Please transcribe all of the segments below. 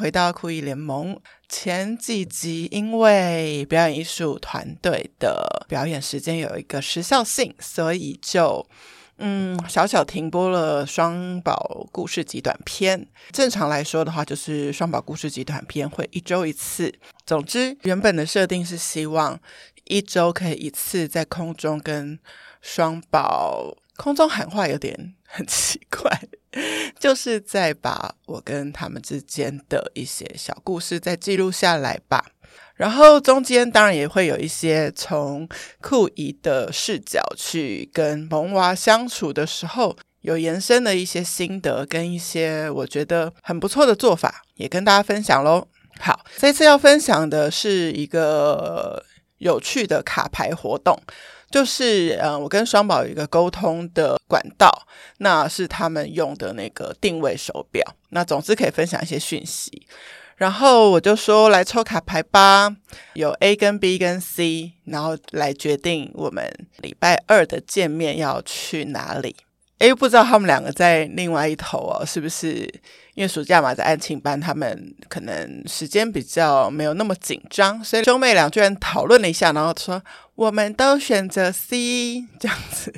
回到酷姨聯盟前幾集，因為表演藝術團隊的表演時間有一個時效性，所以就嗯，小小停播了雙寶故事極短篇。正常來說的話，就是雙寶故事極短篇會一周一次。總之，原本的設定是希望一周可以一次在空中跟雙寶空中喊話，有點很奇怪。就是在把我跟他們之間的一些小故事再記錄下來吧，然後中間當然也會有一些從酷姨的視角去跟萌娃相處的時候有延伸的一些心得跟一些我覺得很不錯的做法，也跟大家分享嘍。好，這次要分享的是一個有趣的卡牌活動。就是呃、嗯，我跟雙寶有一個溝通的管道，那是他們用的那個定位手錶，那總之可以分享一些訊息。然後我就說來抽卡牌吧，有 A 跟 B 跟 C，然後來決定我們禮拜二的見面要去哪裡。誒，不知道他們兩個在另外一頭哦，是不是？因為暑假嘛，在安親班，他們可能時間比較沒有那麼緊張，所以兄妹倆居然討論了一下，然後說我們都選擇 C 這樣子。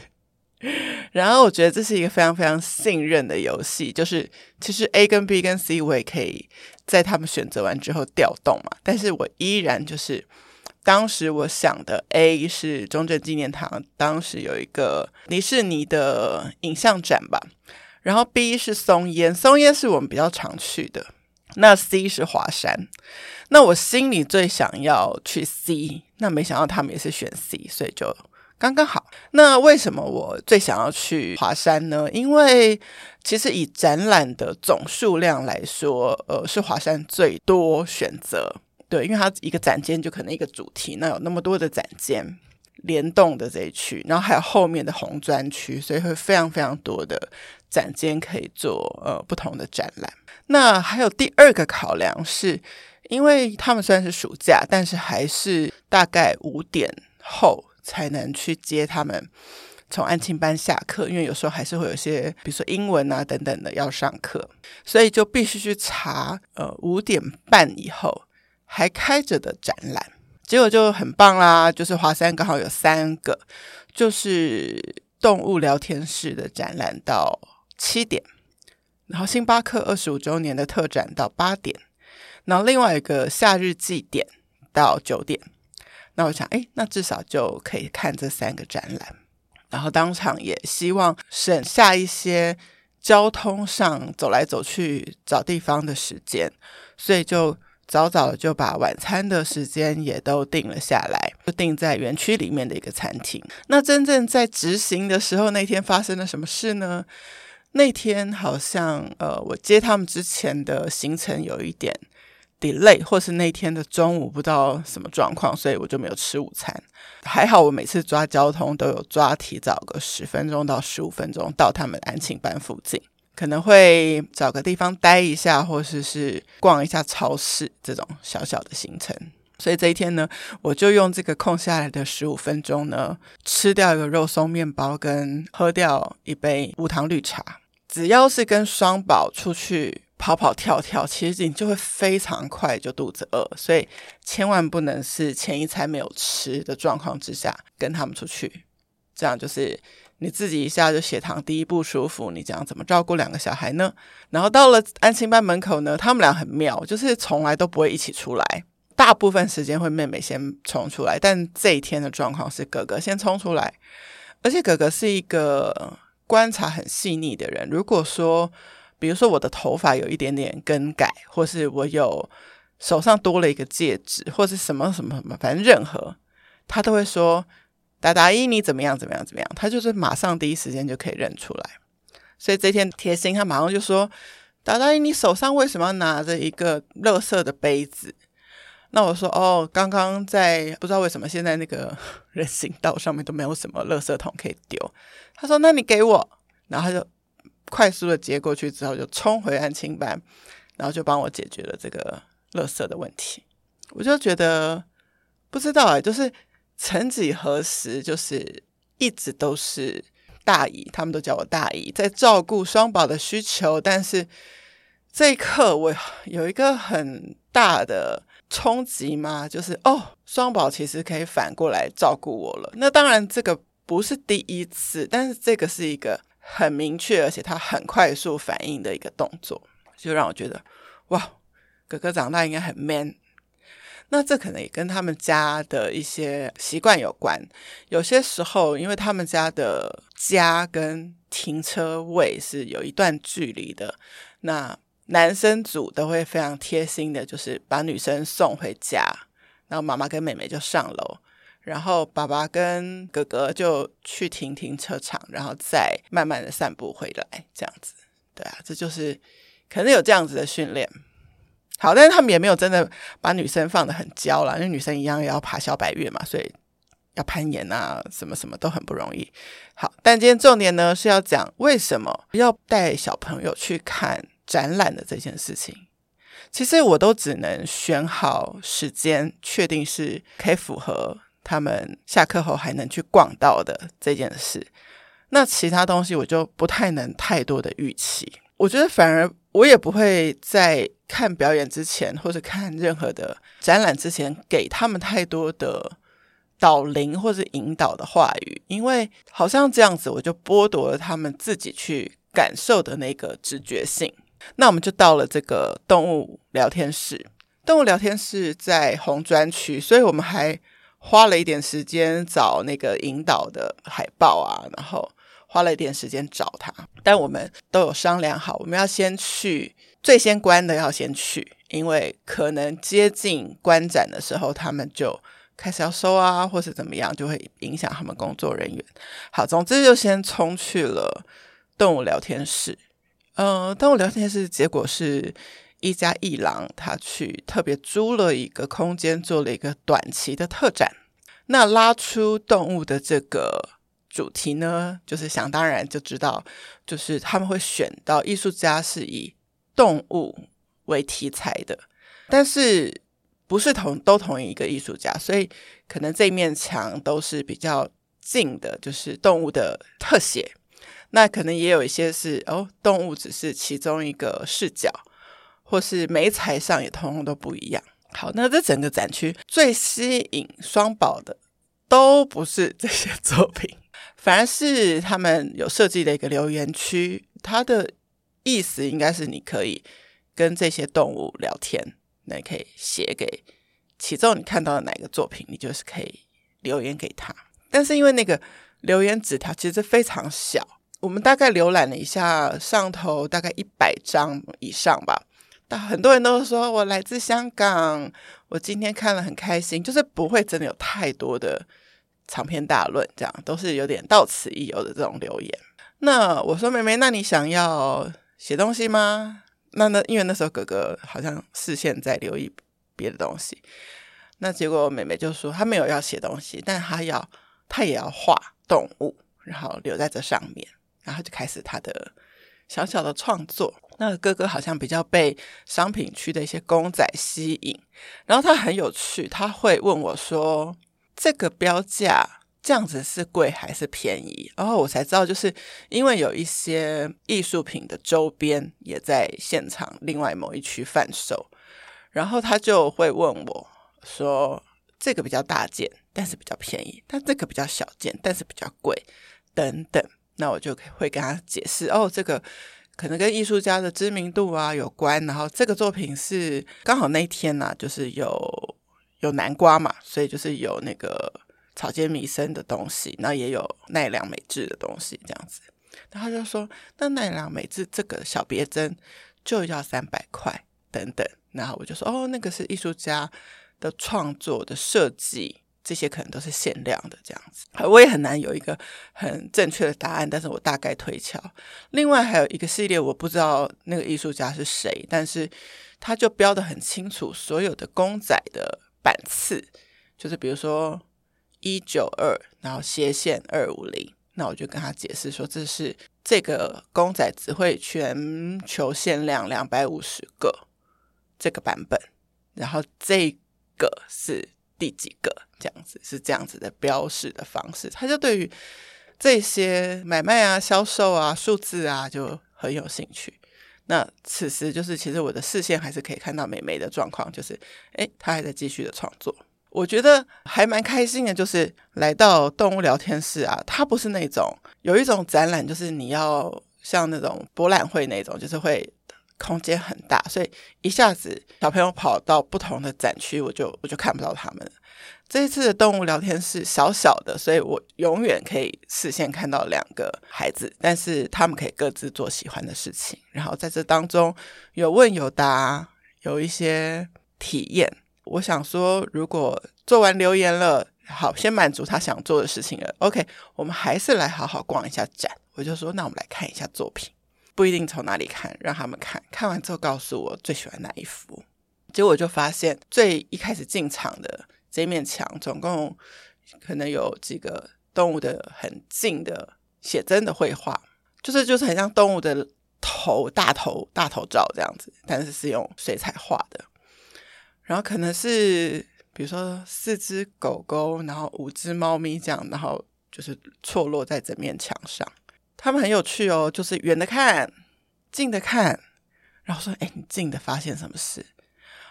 然後我覺得這是一個非常非常信任的遊戲，就是其實 A 跟 B 跟 C，我也可以在他們選擇完之後調動嘛，但是我依然就是。當時我想的 A 是中正紀念堂，當時有一個迪士尼的影像展吧，然後 B 是松煙，松煙是我們比較常去的，那 C 是華山，那我心裡最想要去 C，那沒想到他們也是選 C，所以就剛剛好。那為什麼我最想要去華山呢？因為其實以展覽的總數量來說，呃，是華山最多選擇。對，因為它一個展間就可能一個主題，那有那麼多的展間聯動的這一區，然後還有後面的紅磚區，所以會非常非常多的展間可以做呃不同的展覽。那還有第二個考量是，因為他們雖然是暑假，但是還是大概五點後才能去接他們從安親班下課，因為有時候還是會有些，比如說英文啊等等的要上課，所以就必須去查呃五點半以後，還開着的展覽，結果就很棒啦。就是華山剛好有三個，就是動物聊天室的展覽到七點，然後星巴克二十五周年的特展到八點，然後另外一個夏日祭典到九點。那我想，誒、哎，那至少就可以看這三個展覽，然後當場也希望省下一些交通上走來走去找地方的時間，所以就。早早就把晚餐的時間也都定了下來，就定在園區裡面的一個餐廳。那真正在執行的時候，那天發生了什麼事呢？那天好像，呃，我接他們之前的行程有一點 delay，或是那天的中午不知道什麼狀況，所以我就沒有吃午餐。還好我每次抓交通都有抓提早個十分鐘到十五分鐘到他們安親班附近。可能會找個地方待一下，或者是逛一下超市這種小小的行程。所以這一天呢，我就用這個空下來的十五分鐘呢，吃掉一個肉鬆麵包，跟喝掉一杯無糖綠茶。只要是跟雙寶出去跑跑跳跳，其實你就會非常快就肚子餓，所以千萬不能是前一餐沒有吃的狀況之下跟他們出去，這樣就是。你自己一下就血糖低，不舒服，你這樣怎麼照顧兩個小孩呢？然後到了安心班門口呢，他們倆很妙，就是從來都不會一起出來，大部分時間會妹妹先衝出來，但這一天的狀況是哥哥先衝出來，而且哥哥是一個觀察很細膩的人。如果說，比如說我的頭髮有一點點更改，或是我有手上多了一個戒指，或者什麼什麼什麼，反正任何，他都會說。達達伊，達達伊你怎麼樣？怎麼樣？怎麼樣？他就是馬上第一時間就可以認出來，所以這天貼心，他馬上就說：“達達伊，你手上為什麼要拿着一個垃圾的杯子？”那我說：“哦，剛剛在不知道為什麼，現在那個人行道上面都沒有什麼垃圾桶可以丟。”他說：“那你給我。”然後他就快速的接過去之後，就衝回安親班，然後就幫我解決了這個垃圾的問題。我就覺得不知道哎、欸，就是。曾幾何時，就是一直都是大姨，他們都叫我大姨，在照顧雙寶的需求。但是這一刻，我有一個很大的衝擊嘛，就是哦，雙寶其實可以反過來照顧我了。那當然，這個不是第一次，但是這個是一個很明確，而且他很快速反應的一個動作，就讓我覺得哇，哥哥長大應該很 man。那這可能也跟他們家的一些習慣有關。有些時候，因為他們家的家跟停車位是有一段距離的，那男生組都會非常貼心的，就是把女生送回家，然後媽媽跟妹妹就上樓，然後爸爸跟哥哥就去停停車場，然後再慢慢的散步回來，這樣子。對啊，這就是可能有這樣子的訓練。好，但是他們也沒有真的把女生放得很嬌啦。因為女生一樣也要爬小百岳嘛，所以要攀岩啊，什麼什麼都很不容易。好，但今天重點呢，是要講為什麼要帶小朋友去看展覽的這件事情。其實我都只能選好時間，確定是可以符合他們下課後還能去逛到的這件事。那其他東西我就不太能太多的預期，我覺得反而。我也不會在看表演之前或者看任何的展覽之前給他們太多的導聆或者引導的話語，因為好像這樣子我就剝奪了他們自己去感受的那個直覺性。那我們就到了這個動物聊天室，動物聊天室在紅磚區，所以我們還花了一點時間找那個引導的海報啊，然後。花了一點時間找他，但我們都有商量好，我們要先去，最先關的要先去，因為可能接近關展的時候，他們就開始要收啊，或是怎麼樣，就會影響他們工作人員。好，總之就先衝去了動物聊天室。嗯、呃，動物聊天室結果是一家一郎，他去特別租了一個空間，做了一個短期的特展，那拉出動物的這個。主題呢，就是想當然就知道，就是他們會選到藝術家是以動物為題材的，但是不是同，都同一個藝術家，所以可能這面牆都是比較近的，就是動物的特寫。那可能也有一些是哦，動物只是其中一個視角，或是媒材上也通通都不一樣。好，那這整個展區最吸引雙寶的，都不是這些作品。反而是他們有設計的一個留言區，它的意思應該是你可以跟這些動物聊天，那你可以寫給其中你看到的哪一個作品，你就是可以留言給他。但是因為那個留言紙條其實是非常小，我們大概瀏覽了一下，上頭大概一百張以上吧，但很多人都說我來自香港，我今天看了很開心，就是不會真的有太多的。長篇大論，這樣都是有點到此一遊的這種留言。那我說，妹妹，那你想要寫東西嗎？那那因為那時候哥哥好像視線在留意別的東西，那結果妹妹就說她沒有要寫東西，但她要，她也要畫動物，然後留在這上面，然後就開始她的小小的創作。那個哥哥好像比較被商品區的一些公仔吸引，然後他很有趣，他會問我說這個標價這樣子是貴還是便宜？然後我才知道，就是因為有一些藝術品的周邊也在現場另外某一區販售，然後他就會問我說：“這個比較大件，但是比較便宜；但這個比較小件，但是比較貴。”等等。那我就會跟他解釋：“哦，這個可能跟藝術家的知名度啊有關。然後這個作品是剛好那一天啊，就是有。”有南瓜嘛，所以就是有那個草間彌生的東西，然後也有奈良美智的東西這樣子。然後他就說，那奈良美智這個小別針就要三百塊等等。然後我就說，哦，那個是藝術家的創作的設計，這些可能都是限量的這樣子。我也很難有一個很正確的答案，但是我大概推敲。另外還有一個系列，我不知道那個藝術家是誰，但是他就標得很清楚，所有的公仔的版次，就是比如說一九二，然後斜線二五零，那我就跟他解釋說，這是這個公仔只會全球限量兩百五十個這個版本，然後這個是第幾個，這樣子是這樣子的標識的方式。他就對於這些買賣啊、銷售啊、數字啊，就很有興趣。那此時就是，其實我的視線還是可以看到美美的狀況，就是，哎、欸，她還在繼續的創作，我覺得還蠻開心的。就是來到動物聊天室啊，它不是那種有一種展覽，就是你要像那種博覽會那種，就是會空間很大，所以一下子小朋友跑到不同的展區，我就我就看不到他們了。這一次的動物聊天室小小的，所以我永遠可以視線看到兩個孩子，但是他們可以各自做喜歡的事情。然後在這當中有問有答，有一些體驗。我想說，如果做完留言了，好，先滿足他想做的事情了。OK，我們還是來好好逛一下展。我就說，那我們來看一下作品，不一定從哪裡看，讓他們看看完之後告訴我最喜歡哪一幅。結果我就發現，最一開始進場的。這一面牆總共可能有幾個動物的很近的寫真的繪畫，就是就是很像動物的頭大頭大頭照這樣子，但是是用水彩畫的。然後可能是比如說四只狗狗，然後五只貓咪這樣，然後就是錯落在整面牆上。他們很有趣哦，就是遠的看，近的看，然後說：“哎，你近的發現什麼事？”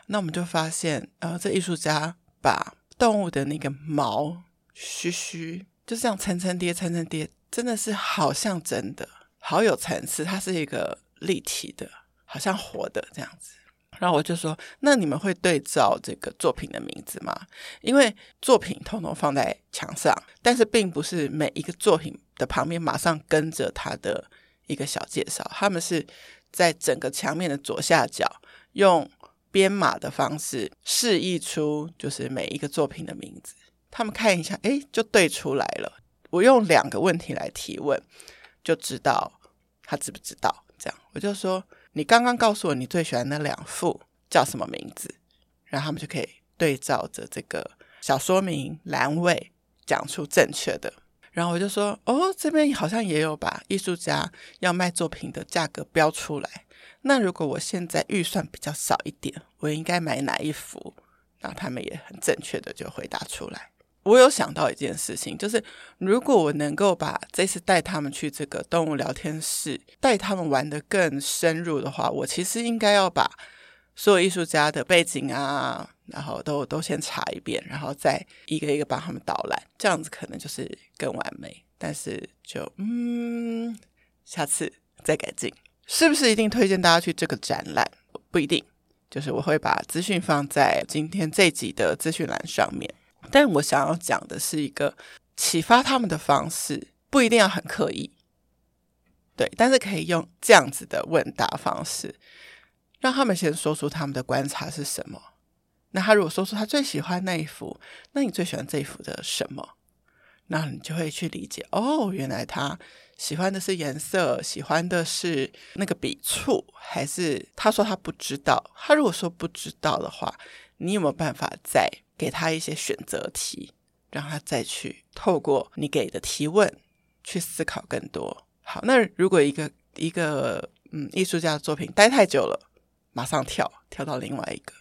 那我們就發現，呃，這藝術家。把動物的那個毛鬚鬚就這樣層層疊、層層疊，真的是好像真的，好有層次，它是一個立體的，好像活的這樣子。然後我就說，那你們會對照這個作品的名字嗎？因為作品通通放在牆上，但是並不是每一個作品的旁邊馬上跟着它的一個小介紹，他們是在整個牆面的左下角用。編碼的方式示意出，就是每一個作品的名字，他們看一下，誒，就對出來了。我用兩個問題來提問，就知道他知不知道，這樣，我就說，你剛剛告訴我你最喜歡那兩幅叫什麼名字，然後他們就可以對照着這個小說明欄位講出正確的。然後我就說，哦，這邊好像也有把藝術家要賣作品的價格標出來。那如果我現在預算比較少一點，我應該買哪一幅？然後他們也很正確的就回答出來。我有想到一件事情，就是如果我能夠把這次帶他們去這個動物聊天室，帶他們玩得更深入的話，我其實應該要把所有藝術家的背景啊，然後都都先查一遍，然後再一個一個幫他們導覽，這樣子可能就是更完美。但是就嗯，下次再改進。是不是一定推薦大家去這個展覽？不一定，就是我會把資訊放在今天這集的資訊欄上面。但我想要講的是一個啟發他們的方式，不一定要很刻意，對，但是可以用這樣子的問答方式，讓他們先說出他們的觀察是什麼。那他如果說出他最喜歡那一幅，那你最喜歡這一幅的什麼？那你就會去理解哦，原來他喜歡的是顏色，喜歡的是那個筆觸，還是他說他不知道？他如果說不知道的話，你有沒有辦法再給他一些選擇題，讓他再去透過你給的提問去思考更多。好，那如果一個一個嗯藝術家的作品待太久了，馬上跳跳到另外一個。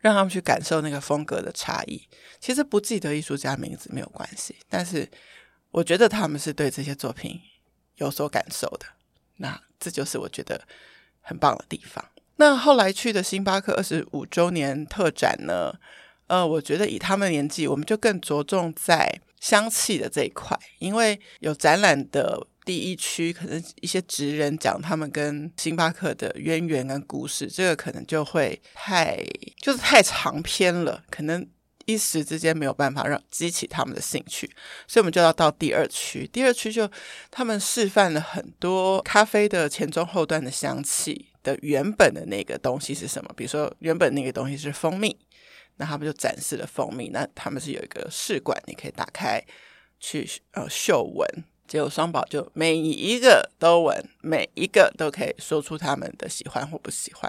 讓他們去感受那個風格的差異。其實不記得藝術家名字沒有關係，但是我覺得他們是對這些作品有所感受的。那這就是我覺得很棒的地方。那後來去的星巴克二十五周年特展呢？呃，我覺得以他們年紀，我們就更着重在香氣的這一塊，因為有展覽的。第一區可能一些職人講他們跟星巴克的淵源跟故事，這個可能就會太就是太長篇了，可能一時之間沒有辦法讓激起他們的興趣，所以我們就要到第二區。第二區就他們示範了很多咖啡的前中後段的香氣的原本的那個東西是什麼？比如說原本那個東西是蜂蜜，那他們就展示了蜂蜜，那他們是有一個試管，你可以打開去呃嗅聞。結果雙寶就每一個都問，每一個都可以說出他們的喜歡或不喜歡。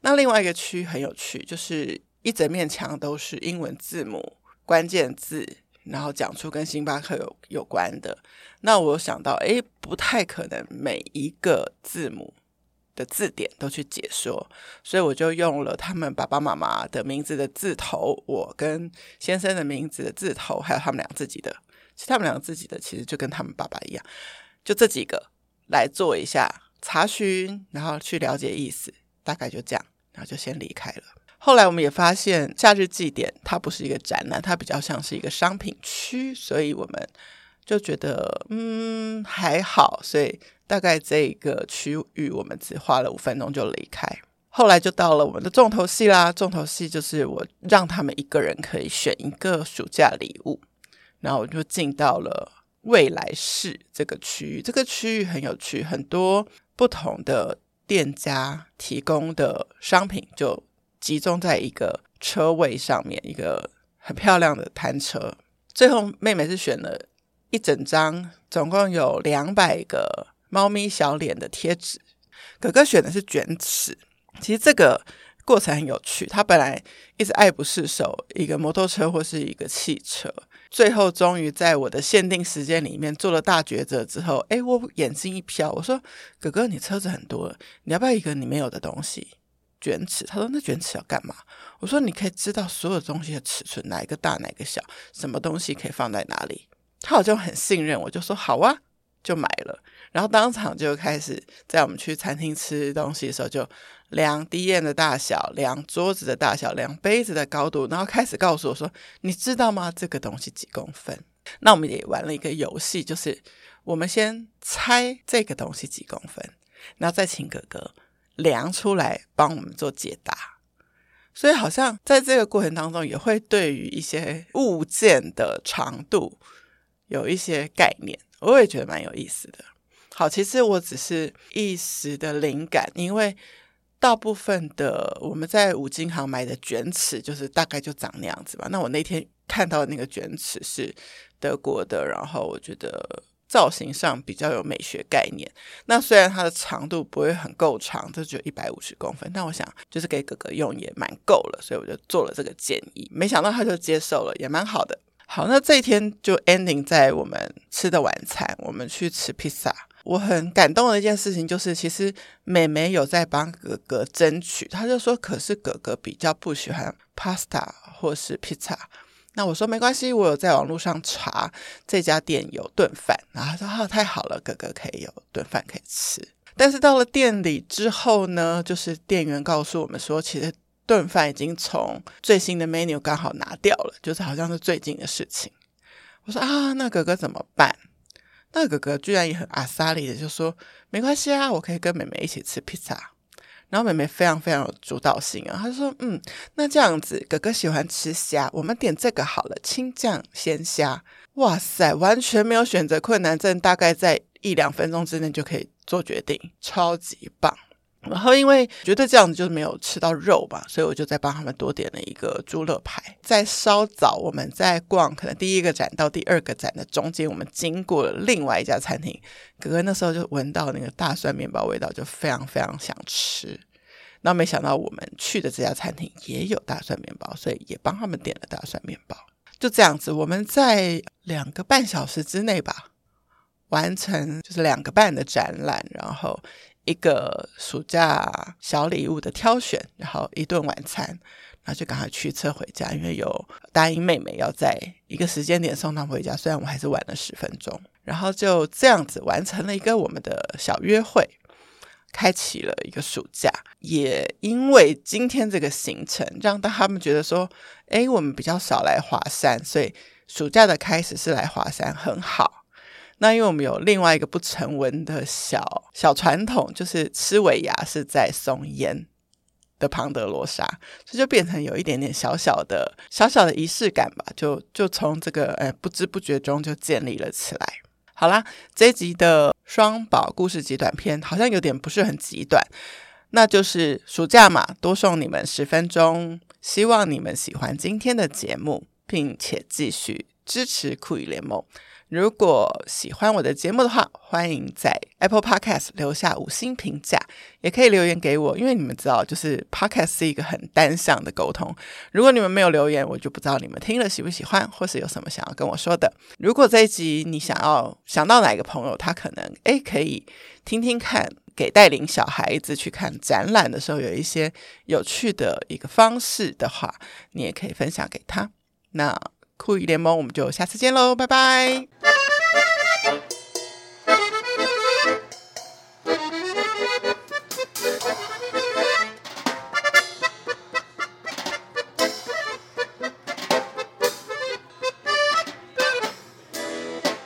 那另外一個區很有趣，就是一整面牆都是英文字母、關鍵字，然後講出跟星巴克有有關的。那我想到，哎，不太可能每一個字母的字典都去解說，所以我就用了他們爸爸媽媽的名字的字頭，我跟先生的名字的字頭，還有他們倆自己的。其實他們兩個自己的其實就跟他們爸爸一樣，就這幾個來做一下查詢，然後去了解意思，大概就這樣，然後就先離開了。後來我們也發現，夏日祭典它不是一個展覽，它比較像是一個商品區，所以我們就覺得嗯，還好，所以大概這個區域我們只花了五分鐘就離開。後來就到了我們的重頭戲啦，重頭戲就是我讓他們一個人可以選一個暑假禮物。然後我就進到了未來市這個區域，這個區域很有趣，很多不同的店家提供的商品就集中在一個車位上面，一個很漂亮的攤車。最後，妹妹是選了一整張，總共有兩百個貓咪小臉的貼紙；哥哥選的是卷尺。其實這個。過程很有趣，他本來一直愛不釋手一個摩托車或是一個汽車，最後終於在我的限定時間裡面做了大抉擇之後，哎，我眼睛一飄，我說：“哥哥，你車子很多了，你要不要一個你沒有的東西？卷尺？”他說：“那卷尺要幹嘛？”我說：“你可以知道所有東西的尺寸，哪一個大，哪個小，什麼東西可以放在哪裡。”他好像很信任我，就說：“好啊，就買了。”然後當場就開始在我們去餐廳吃東西的時候就。量碟子的大小，量桌子的大小，量杯子的高度，然後開始告訴我說：“你知道嗎？這個東西幾公分？”那我們也玩了一個遊戲，就是我們先猜這個東西幾公分，然後再請哥哥量出來幫我們做解答。所以好像在這個過程當中，也會對於一些物件的長度有一些概念。我，我也覺得蠻有意思的。好，其實我只是一時的靈感，因為。大部分的我們在五金行買的捲尺，就是大概就長那樣子吧。那我那天看到的那個捲尺是德國的，然後我覺得造型上比較有美學概念。那雖然它的長度不會很夠長，就只有一百五十公分，但我想就是給哥哥用也蠻夠了，所以我就做了這個建議。沒想到他就接受了，也蠻好的。好，那這一天就 ending 在我們吃的晚餐，我們去吃披薩。我很感動的一件事情就是，其實妹妹有在幫哥哥爭取。他就說：“可是哥哥比較不喜歡 pasta 或是 pizza。”那我說：“沒關係，我有在網絡上查這家店有燉飯。”然後他說：“啊，太好了，哥哥可以有燉飯可以吃。”但是到了店裡之後呢，就是店員告訴我們說，其實燉飯已經從最新的 menu 剛好拿掉了，就是好像是最近的事情。我說：“啊，那哥哥怎麼辦？”那哥哥居然也很阿、啊、莎力的就說沒關係啊，我可以跟妹妹一起吃披薩。然後妹妹非常非常有主導性啊，她說：“嗯，那這樣子，哥哥喜歡吃蝦，我們點這個好了，青醬鮮蝦。哇塞，完全沒有選擇困難症，正大概在一兩分鐘之內就可以做決定，超級棒。”然後，因為覺得這樣子就是沒有吃到肉吧，所以我就再幫他們多點了一個豬肋排。在稍早，我們在逛，可能第一個展到第二個展的中間，我們經過了另外一家餐廳。哥哥那時候就聞到那個大蒜麵包味道，就非常非常想吃。那沒想到我們去的這家餐廳也有大蒜麵包，所以也幫他們點了大蒜麵包。就這樣子，我們在兩個半小時之內吧，完成就是兩個半的展覽，然後，一個暑假小禮物的挑選，然後一頓晚餐，然後就趕快驅車回家，因為有答應妹妹要在一個時間點送她回家。雖然我還是晚了十分鐘，然後就這樣子完成了一個我們的小約會，開啟了一個暑假。也因為今天這個行程，讓到他們覺得說，哎，我們比較少來華山，所以暑假的開始是來華山很好。那因為我們有另外一個不成文的小小傳統，就是吃尾牙是在松菸的龐德羅莎，這就變成有一點點小小的小小的儀式感吧，就就從這個呃、欸、不知不覺中就建立了起來。好啦，這一集的雙寶故事極短篇好像有點不是很極短，那就是暑假嘛，多送你們十分鐘。希望你們喜歡今天的節目，並且繼續支持酷語聯盟。如果喜歡我的節目的話，歡迎在 Apple Podcast 留下五星評價，也可以留言給我。因為你們知道，就是 Podcast 是一個很單向的溝通。如果你們沒有留言，我就不知道你們聽了喜不喜歡，或是有什麼想要跟我說的。如果這一集你想要想到哪一個朋友，他可能誒可以聽聽看，給帶領小孩子去看展覽的時候有一些有趣的一個方式的話，你也可以分享給他。那。酷姨聯盟，我們就下次見嘍，拜拜。